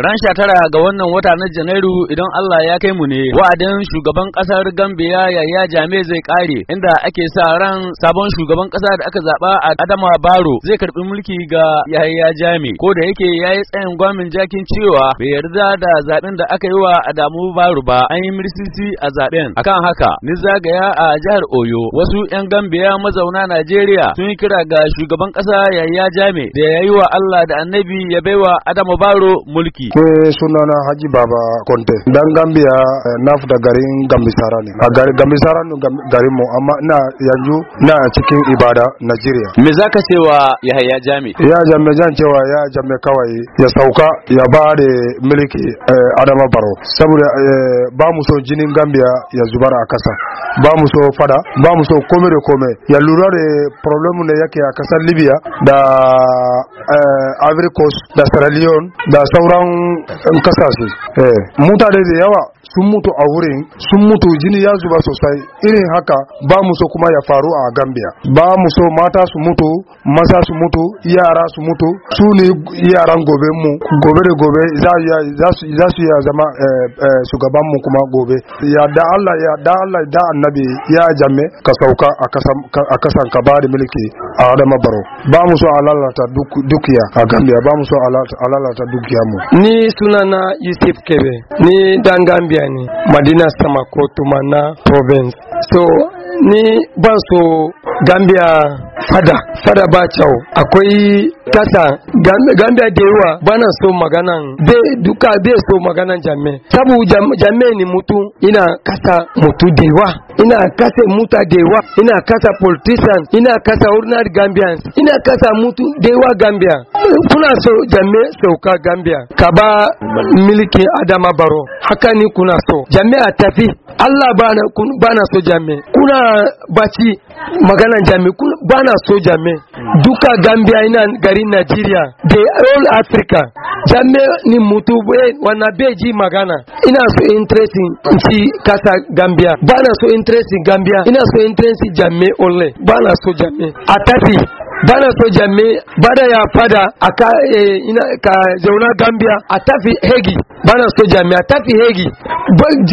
Ran sha tara ga wannan wata na Janairu idan Allah ya kai mu ne wa'adin shugaban kasar Gambia Yaya Jame zai kare inda ake sa ran sabon shugaban ƙasa da aka zaba a Adama Baro zai karbi mulki ga Yaya Jame ko da yake yayi tsayin gwamin jakin cewa bai yarda da zaben da aka yi wa Adamu Baro ba an yi mirsisi a zaben akan haka ni zagaya a jihar Oyo wasu yan Gambia mazauna Najeriya sun yi kira ga shugaban kasa Yaya Jame da yayi wa Allah da Annabi ya baiwa Adama Baro mulki ki ke sunana haji baba konte dan gambia eh, na da garin gambisara ne a gambisara ne garin mu amma na yanzu na cikin ibada nigeria me zaka cewa yahaya jami ya jami zan cewa ya jami kawai ya sauka ya ba da miliki eh, adama baro saboda eh, ba mu so jinin gambia ya zubara a kasa ba mu so fada ba mu so kome da kome ya lura da problem ne yake a kasar libya da ivory coast da sierra leone da sauran an kasa su eh. mutane da yawa sun mutu a wurin sun mutu jini ya zuba sosai irin haka ba mu so kuma ya faru a gambia ba mu so mata su mutu masa su mutu yara su mutu su ne yaran gobe mu gobe da gobe za su ya zama eh, eh, shugaban mu kuma gobe ya da allah ya da annabi ya jamme ka sauka a kasan ka ba mulki a baro ba mu so alalata dukiya a gambia ba mu so alalata dukiya mu ni sunana yusuf kebe ni dan gambia ne madina samako tumana province so ni ban so gambia fada fada ba cawo akwai kasa gambia da yawa bana so maganan be duka be so maganan jamme sabu jamme ni mutu ina kasa mutu da yawa ina kasa muta dewa ina kasa politician ina kasa ordinary gambians ina kasa mutu dewa gambia kuna so jami'a sauka gambia kaba miliki adama baro haka ni kuna so jami'a tafi allah bana bana so jami'a kuna baci magana jami'a bana so jami'a duka gambia ina garin nigeria the all africa jame ni mutu wana wanabeji magana ina so interest nchi kasa gambia bana so interest gambia ina so interest jame ole bana so jame atati bana so jame bada ya fada aka eh, ina ka zauna gambia atafi hegi bana so jamia tati hegi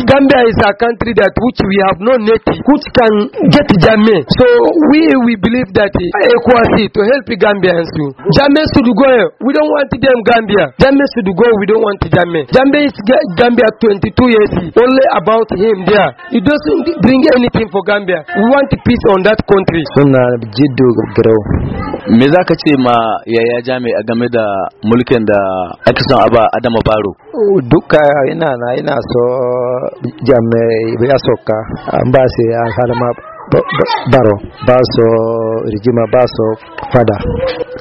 Gambia is a country that which we have no native which can get Jami. so we we believe that equality to help Gambians you Jami should go we don't want them Gambia Jami should go we don't want Jami Jami is Gambia 22 years only about him there he doesn't bring anything for Gambia we want peace on that country suna jiddu garau me za ka ce ma yaya jami'a game da mulkin da akisan son aba adama baro oh, duka ina na ina so jami ya soka an ba su ya halama baro ba so rigima ba so fada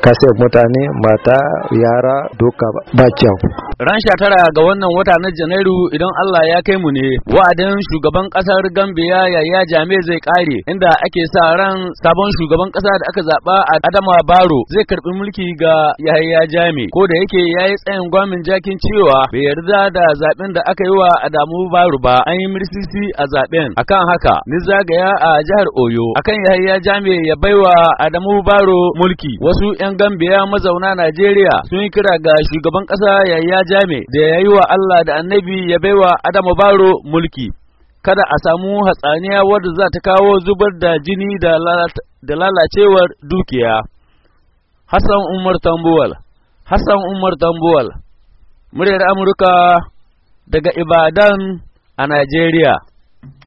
kasar mutane mata yara duka ba kyau Ran sha tara ga wannan wata na Janairu idan Allah ya kai mu ne wa'adin shugaban kasar Gambia Yaya Jame zai kare inda ake sa ran sabon shugaban kasa da aka zaba a Adama Baro zai karbi mulki ga Yaya Jame ko da yake yayi tsayin gwamin jakin cewa bai yarda da zaben da aka yi wa Adamu Baro ba an yi mirsisi a zaben akan haka ni zagaya a jihar Oyo akan Yaya Jame ya baiwa Adamu Baro mulki wasu 'yan Gambia mazauna Najeriya sun yi kira ga shugaban kasa Yaya jami da ya yi wa Allah da annabi ya baiwa Adamu Baro mulki, kada a samu hatsaniya wadda za ta kawo zubar da jini da lalacewar dukiya. Hassan Umar Tambuwal Hassan Umar Tambuwal, muryar Amurka daga Ibadan a Najeriya.